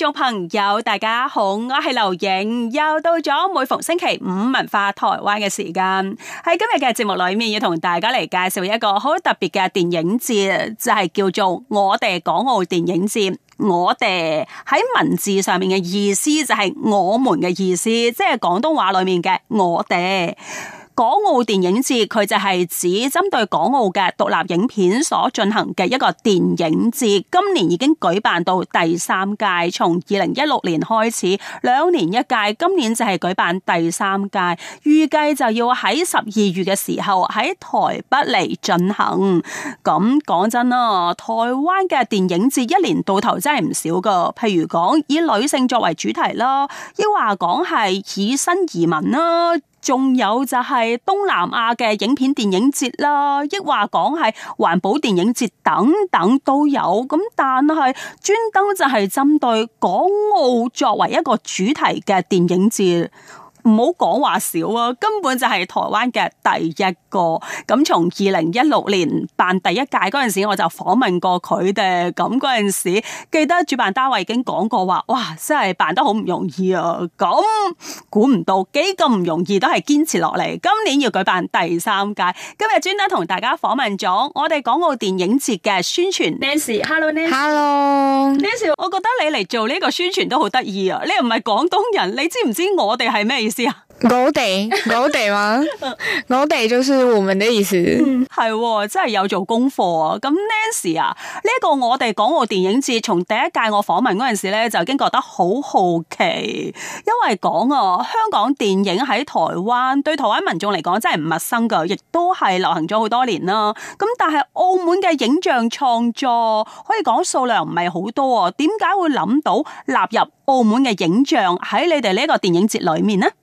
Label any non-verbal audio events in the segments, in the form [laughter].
聽眾朋友，大家好，我係劉瑩，又到咗每逢星期五文化台灣嘅時間，喺今日嘅節目裏面要同大家嚟介紹一個好特別嘅電影節，就係叫做我哋港澳電影節。我哋喺文字上面嘅意思就係我們嘅意思，即係廣東話裏面嘅我哋。港澳電影節佢就係指針對港澳嘅獨立影片所進行嘅一個電影節。今年已經舉辦到第三屆，從二零一六年開始，兩年一屆。今年就係舉辦第三屆，預計就要喺十二月嘅時候喺台北嚟進行。咁講真啦，台灣嘅電影節一年到頭真係唔少噶。譬如講以女性作為主題啦，抑或講係以新移民啦。仲有就係東南亞嘅影片電影節啦，亦話講係環保電影節等等都有，咁但係專登就係針對港澳作為一個主題嘅電影節。唔好講話少啊，根本就係台灣嘅第一個。咁從二零一六年辦第一屆嗰陣時，我就訪問過佢哋。咁嗰陣時記得主辦單位已經講過話，哇，真係辦得好唔容易啊！咁估唔到幾咁唔容易都係堅持落嚟。今年要舉辦第三屆，今日專登同大家訪問咗我哋港澳電影節嘅宣傳 Nancy。Hello，Nancy。Hello，Nancy。我覺得你嚟做呢個宣傳都好得意啊！你又唔係廣東人，你知唔知我哋係咩？是啊，我哋我哋嘛？我哋就是我們的意思。嗯，係、 [laughs] 嗯哦，真係有做功課啊。咁 Nancy 啊，呢、這個我哋港澳電影節，從第一屆我訪問嗰陣時咧，就已經覺得好好奇，因為講啊，香港電影喺台灣對台灣民眾嚟講真係唔陌生噶，亦都係流行咗好多年啦，啊。咁但係澳門嘅影像創作可以講數量唔係好多啊，點解會諗到納入澳門嘅影像喺你哋呢個電影節裏面呢？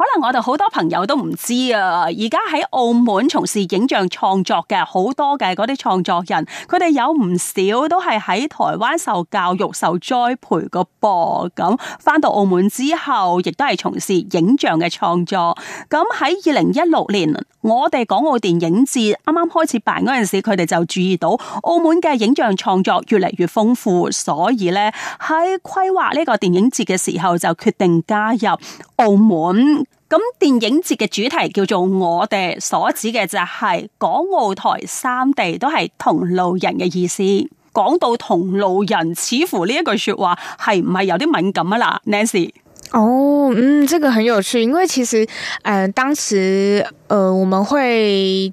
可能我哋好多朋友都唔知啊，而家喺澳門從事影像創作嘅好多嘅嗰啲創作人，佢哋有唔少都係喺台灣受教育、受栽培嘅噃。咁翻到澳門之後，亦都係從事影像嘅創作。咁喺二零一六年，我哋港澳電影節啱啱開始辦嗰陣時，佢哋就注意到澳門嘅影像創作越嚟越豐富，所以咧喺規劃呢個電影節嘅時候，就決定加入澳門。咁電影節嘅主題叫做我地所指嘅就係港澳台三地都係同路人嘅意思，講到同路人，似乎呢一句說話係唔係有啲敏感啊啦，Nancy。哦，嗯，這個很有趣，因為其實誒、呃、當時，誒、呃、我們會。.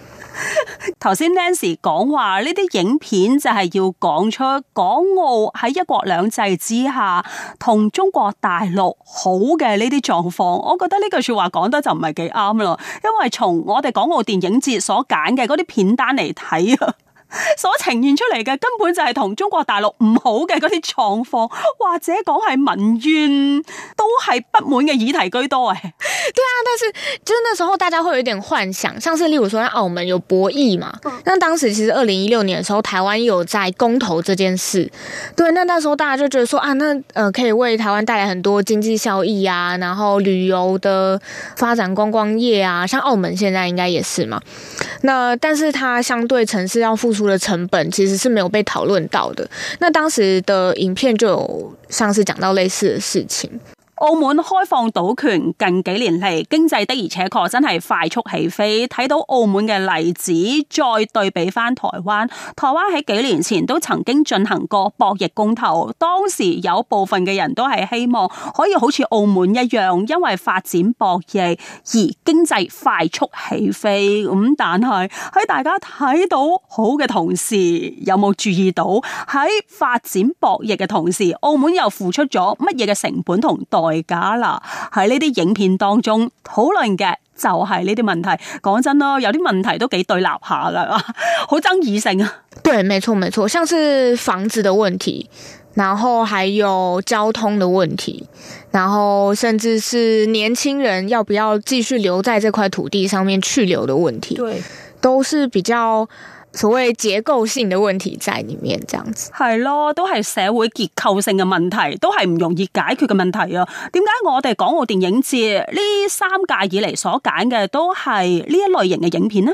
頭先 Nancy 講話呢啲影片就係要講出港澳喺一國兩制之下同中國大陸好嘅呢啲狀況，我覺得呢句說話講得就唔係幾啱咯，因為從我哋港澳電影節所揀嘅嗰啲片單嚟睇。所呈現出來嘅根本就係同中國大陸唔好嘅嗰啲狀況，或者講係民怨都係不滿嘅議題居多誒。對啊，但是就係、是、那時候大家會有一點幻想。上次例如說喺澳門有博弈嘛，但、嗯、當時其實二零一六年嘅時候，台灣有在公投這件事，對，那那時候大家就覺得說啊，那誒、呃、可以為台灣帶來很多經濟效益啊，然後旅遊的發展觀光業啊，像澳門現在應該也是嘛。那但是它相對城市要付出。出了成本其實是沒有被討論到的，那當時的影片就有上次講到類似的事情。澳門開放賭權，近幾年嚟經濟的而且確真係快速起飛，睇到澳門嘅例子，再對比返台灣，台灣喺幾年前都曾經進行過博弈公投，當時有部分嘅人都係希望可以好似澳門一樣，因為發展博弈而經濟快速起飛。咁、嗯、但係喺大家睇到好嘅同時，有冇注意到喺發展博弈嘅同時，澳門又付出咗乜嘢嘅成本同代？係假啦，喺呢啲影片當中討論嘅就係呢啲問題。講真咯，有啲問題都幾對立下啦，好爭議性啊。對，沒錯，沒錯，像是房子的問題，然後還有交通的問題，然後甚至是年輕人要不要繼續留在這塊土地上面去留的問題，對，都是比較。所謂結構性嘅問題在裏面，這樣子係咯，都係社會結構性嘅問題，都係唔容易解決嘅問題啊！點解我哋港澳電影節呢三屆以嚟所揀嘅都係呢一類型嘅影片呢？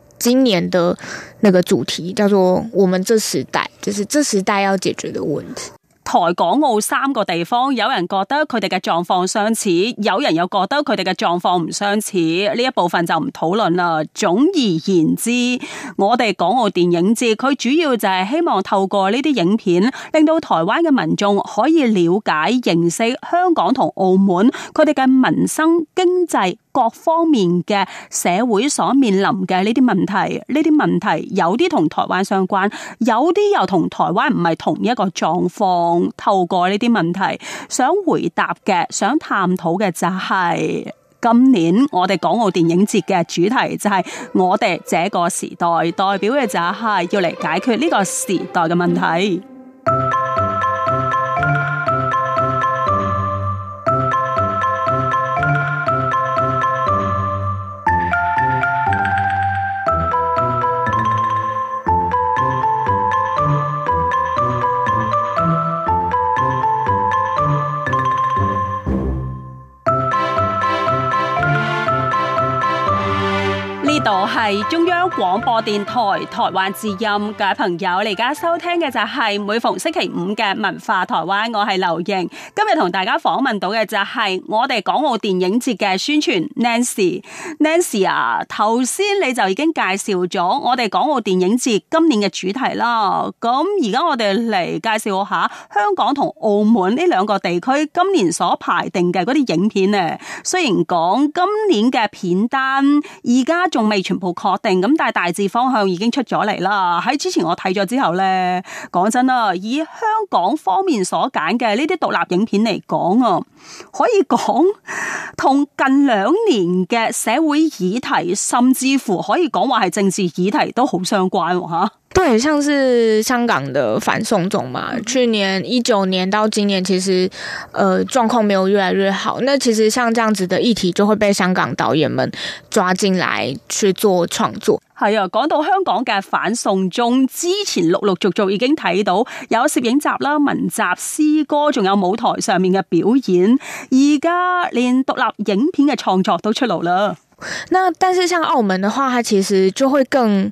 今年的那個主題叫做《我們這時代》，就是這時代要解決的問題。台、港、澳三個地方，有人覺得佢哋嘅狀況相似，有人又覺得佢哋嘅狀況唔相似，呢一部分就唔討論啦。總而言之，我哋港澳電影節，佢主要就係希望透過呢啲影片，令到台灣嘅民眾可以了解認識香港同澳門佢哋嘅民生經濟。各方面嘅社會所面臨嘅呢啲問題，呢啲問題有啲同台灣相關，有啲又同台灣唔係同一個狀況。透過呢啲問題，想回答嘅，想探討嘅就係今年我哋港澳電影節嘅主題就係我哋這個時代代表嘅就係要嚟解決呢個時代嘅問題。呢度係中央廣播電台台灣之音。各位朋友，你而家收聽嘅就係每逢星期五嘅文化台灣，我係劉瑩。今日同大家訪問到嘅就係我哋港澳電影節嘅宣傳 Nancy，Nancy 啊，頭先你就已經介紹咗我哋港澳電影節今年嘅主題啦。咁而家我哋嚟介紹下香港同澳門呢兩個地區今年所排定嘅啲影片咧。雖然講今年嘅片單而家仲未全部確定，咁但係大致方向已經出咗嚟啦。喺之前我睇咗之後呢，講真啦，以香港方面所揀嘅呢啲獨立影片嚟講啊，可以講同近兩年嘅社會議題，甚至乎可以講話係政治議題都好相關嚇、啊。對，像是香港的反送中嘛，去年一九年到今年，其實，呃狀況沒有越來越好。那其實像這樣子的議題，就會被香港導演們抓進來去做創作。係啊，講到香港嘅反送中，之前陸陸續續已經睇到有攝影集啦、文集、詩歌，仲有舞台上面嘅表演，而家連獨立影片嘅創作都出爐啦。那但是，像澳門嘅話，佢其實就會更。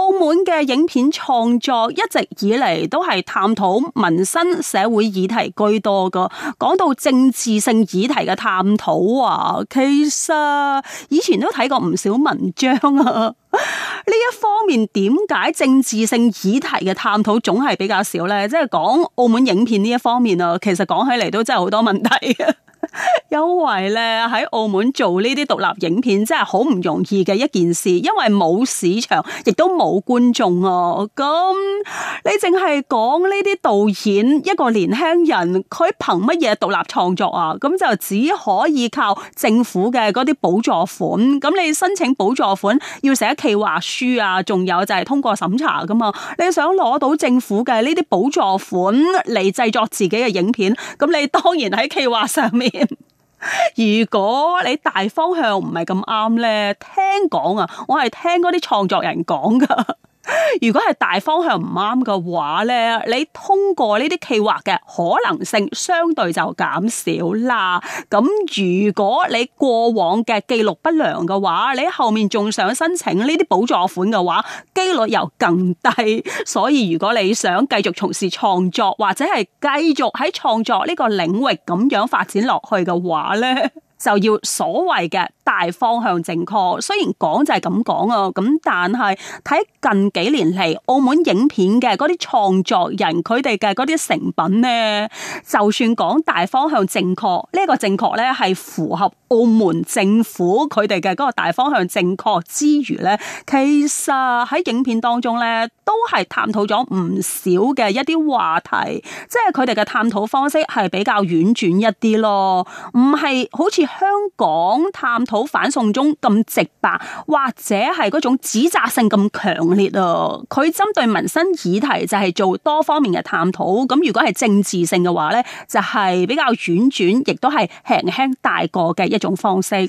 澳門嘅影片創作一直以嚟都係探討民生社會議題居多噶講到政治性議題嘅探討啊，其實以前都睇過唔少文章啊。呢一方面點解政治性議題嘅探討總係比較少呢？即係講澳門影片呢一方面啊，其實講起嚟都真係好多問題啊。因為咧，喺澳門做呢啲獨立影片真係好唔容易嘅一件事，因為冇市場，亦都冇觀眾啊。咁、嗯、你淨係講呢啲導演一個年輕人，佢憑乜嘢獨立創作啊？咁、嗯、就只可以靠政府嘅嗰啲補助款。咁、嗯、你申請補助款要寫企劃書啊，仲有就係通過審查㗎嘛。你想攞到政府嘅呢啲補助款嚟製作自己嘅影片，咁、嗯、你當然喺企劃上面。 [laughs] 如果你大方向唔係咁啱咧，聽講啊，我係聽嗰啲創作人講噶。 [laughs] 如果係大方向唔啱嘅話咧，你通過呢啲計劃嘅可能性相對就減少啦。咁如果你過往嘅記錄不良嘅話，你喺後面仲想申請呢啲補助款嘅話，機率又更低。所以如果你想繼續從事創作，或者係繼續喺創作呢個領域咁樣發展落去嘅話咧，就要所謂嘅。大方向正確，雖然講就係咁講啊，咁但係睇近幾年嚟澳門影片嘅嗰啲創作人佢哋嘅嗰啲成品咧，就算講大方向正確呢，呢個正確咧係符合澳門政府佢哋嘅嗰個大方向正確之餘咧，其實喺影片當中咧都係探討咗唔少嘅一啲話題，即係佢哋嘅探討方式係比較婉轉一啲咯，唔係好似香港探討。反送中咁直白，或者係嗰種指責性咁強烈啊，佢針對民生議題就係做多方面嘅探討。咁如果係政治性嘅話咧，就係、是、比較婉轉，亦都係輕輕帶過嘅一種方式。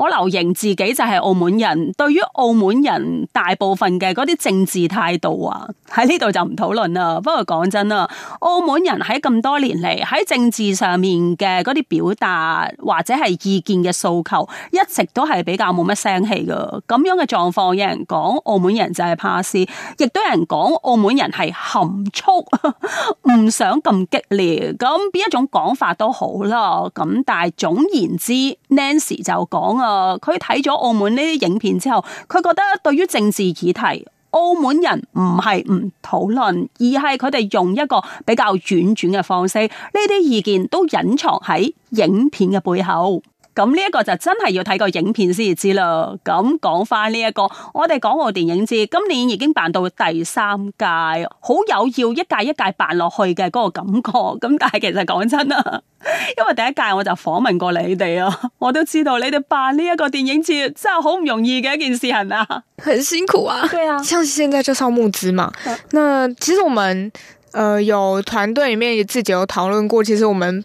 我留形自己就係澳門人，對於澳門人大部分嘅啲政治態度啊，喺呢度就唔討論啦。不過講真啦，澳門人喺咁多年嚟，喺政治上面嘅啲表達或者係意見嘅訴求，一直都係比較冇乜聲氣噶。咁樣嘅狀況，有人講澳門人就係怕事，亦都有人講澳門人係含蓄，唔 [laughs] 想咁激烈。咁邊一種講法都好啦。咁但係總言之，Nancy 就講啊。誒，佢睇咗澳門呢啲影片之後，佢覺得對於政治議題，澳門人唔係唔討論，而係佢哋用一個比較婉轉嘅方式，呢啲意見都隱藏喺影片嘅背後。咁呢一個就真係要睇個影片先至知啦。咁講翻呢一個，我哋港澳電影節今年已經辦到第三屆，好有要一屆一屆辦落去嘅嗰個感覺。咁但係其實講真啦，因為第一屆我就訪問過你哋啊，我都知道你哋辦呢一個電影節真係好唔容易嘅一件事啊，很辛苦啊。對啊，像是現在就上募資嘛。啊、那其實我們，呃、有團隊裏面自己有討論過，其實我們。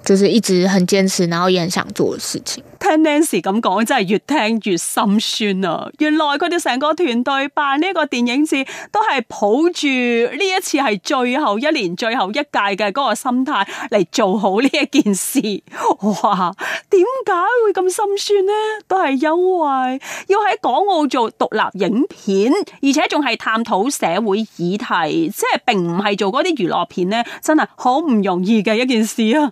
就是一直很堅持，然後也很想做的事情。聽 Nancy 咁講，真係越聽越心酸啊！原來佢哋成個團隊辦呢個電影節，都係抱住呢一次係最後一年，最後一屆嘅嗰個心態嚟做好呢一件事。哇！點解會咁心酸呢？都係因為要喺港澳做獨立影片，而且仲係探討社會議題，即係並唔係做嗰啲娛樂片呢。真係好唔容易嘅一件事啊！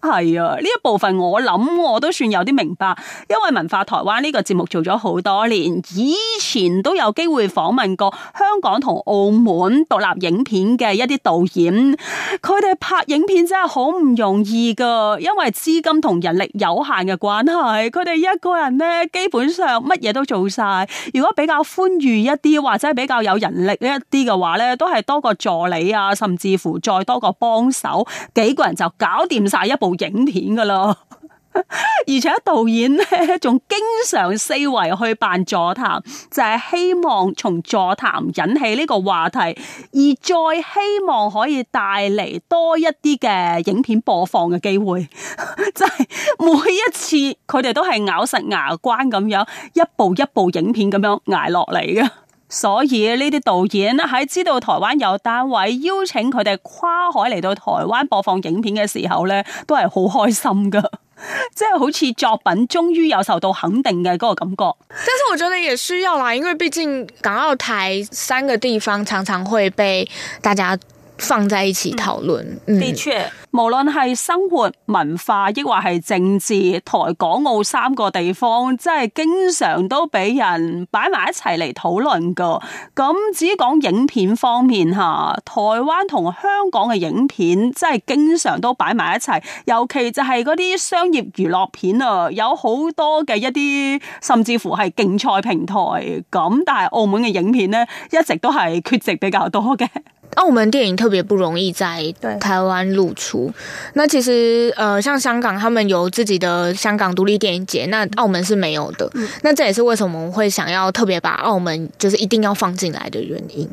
係啊，呢一部分我諗我都算有啲明白，因為文化台灣呢個節目做咗好多年，以前都有機會訪問過香港同澳門獨立影片嘅一啲導演，佢哋拍影片真係好唔容易噶，因為資金同人力有限嘅關係，佢哋一個人咧基本上乜嘢都做晒。如果比較寬裕一啲，或者比較有人力呢一啲嘅話咧，都係多個助理啊，甚至乎再多個幫手，幾個人就搞掂晒一部影片噶咯，而且導演咧仲經常四圍去辦座談，就係希望從座談引起呢個話題，而再希望可以帶嚟多一啲嘅影片播放嘅機會。真係每一次佢哋都係咬實牙關咁樣，一部一部影片咁樣捱落嚟嘅。所以呢啲導演喺知道台灣有單位邀請佢哋跨海嚟到台灣播放影片嘅時候咧，都係好開心㗎，即係好似作品終於有受到肯定嘅嗰個感覺。但是我覺得也需要啦，因為畢竟港澳台三個地方常常會被大家放在一起討論，嗯，的確嗯、無論係生活文化，亦或係政治，台港澳三個地方，真係經常都俾人擺埋一齊嚟討論噶。咁只講影片方面吓，台灣同香港嘅影片，真係經常都擺埋一齊，尤其就係嗰啲商業娛樂片啊，有好多嘅一啲，甚至乎係競賽平台。咁但係澳門嘅影片呢，一直都係缺席比較多嘅。澳門電影特別不容易在台灣露出，對那其實，呃，像香港，他們有自己的香港獨立電影節，那澳門是沒有的。嗯、那這也是為什麼會想要特別把澳門，就是一定要放進來的原因。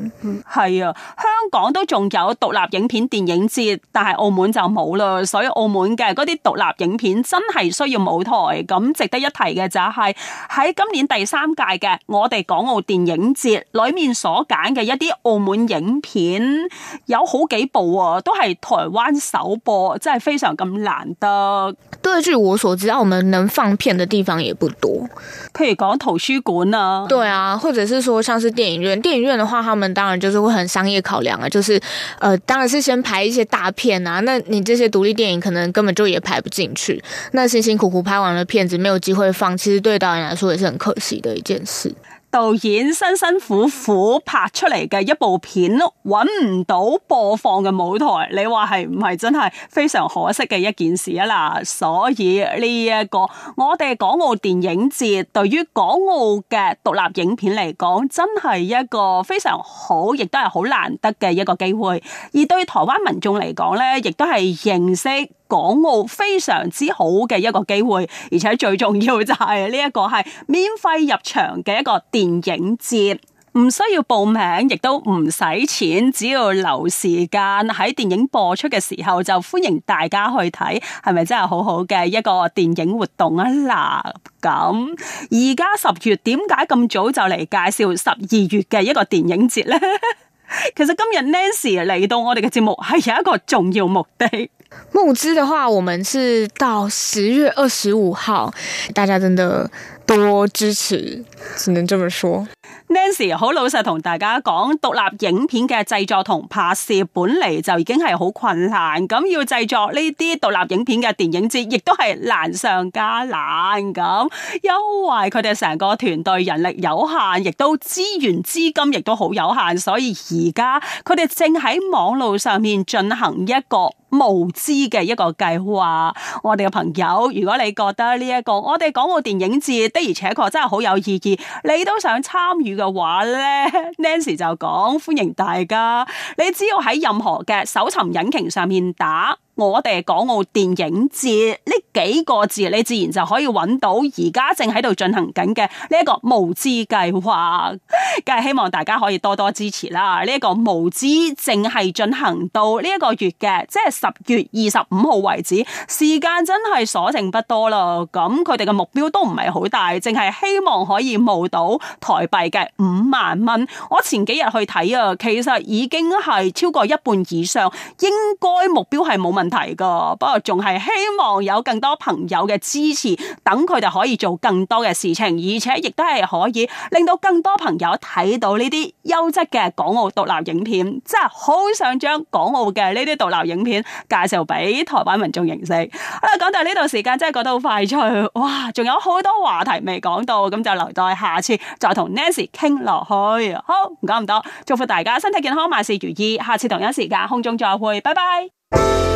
係、嗯、啊，香港都仲有獨立影片電影節，但係澳門就冇啦。所以澳門嘅嗰啲獨立影片真係需要舞台。咁值得一提嘅就係喺今年第三屆嘅我哋港澳電影節裏面所揀嘅一啲澳門影片。嗯，有好幾部啊，都係台灣首播，真係非常咁難得。對，據我所知，啊，我們能放片的地方也不多，譬如講圖書館啊，對啊，或者是說，像是電影院，電影院的話，他們當然就是會很商業考量啊，就是，呃，當然是先排一些大片啊，那你這些獨立電影可能根本就也排不進去，那辛辛苦苦拍完了片子沒有機會放，其實對導演來說也是很可惜的一件事。導演辛辛苦苦拍出嚟嘅一部片，揾唔到播放嘅舞台，你話係唔係真係非常可惜嘅一件事啊？嗱，所以呢一個我哋港澳電影節，對於港澳嘅獨立影片嚟講，真係一個非常好，亦都係好難得嘅一個機會，而對台灣民眾嚟講呢亦都係認識。港澳非常之好嘅一個機會，而且最重要就係呢一個係免費入場嘅一個電影節，唔需要報名，亦都唔使錢，只要留時間喺電影播出嘅時候就歡迎大家去睇，係咪真係好好嘅一個電影活動啊？嗱，咁而家十月點解咁早就嚟介紹十二月嘅一個電影節咧？ [laughs] 其實今日 Nancy 嚟到我哋嘅節目係有一個重要目的，募資嘅話，我們是到十月二十五號，大家真的多支持，只能這麼說。Nancy 好老實同大家講，獨立影片嘅製作同拍攝本嚟，就已經係好困難，咁要製作呢啲獨立影片嘅電影節，亦都係難上加難咁。因為佢哋成個團隊人力有限，亦都資源資金亦都好有限，所以而家佢哋正喺網路上面進行一個募資嘅一個計劃。我哋嘅朋友，如果你覺得呢、這、一個我哋港澳電影節的而且確真係好有意義，你都想參與嘅話呢，Nancy 就講歡迎大家，你只要喺任何嘅搜尋引擎上面打，我哋港澳電影節呢幾個字，你自然就可以揾到而家正喺度進行緊嘅呢一個募資計劃，梗係希望大家可以多多支持啦！呢一個募資正係進行到呢一個月嘅，即係十月二十五號為止，時間真係所剩不多啦。咁佢哋嘅目標都唔係好大，淨係希望可以募到台幣嘅五萬蚊。我前幾日去睇啊，其實已經係超過一半以上，應該目標係冇問題。題噶，不過仲係希望有更多朋友嘅支持，等佢哋可以做更多嘅事情，而且亦都係可以令到更多朋友睇到呢啲優質嘅港澳獨立影片。真係好想將港澳嘅呢啲獨立影片介紹俾台灣民眾認識。好啦，啊，講到呢度時間真係覺得好快脆，哇！仲有好多話題未講到，咁就留待下次再同 Nancy 傾落去。好，唔講咁多，祝福大家身體健康，萬事如意。下次同一時間空中再會，拜拜。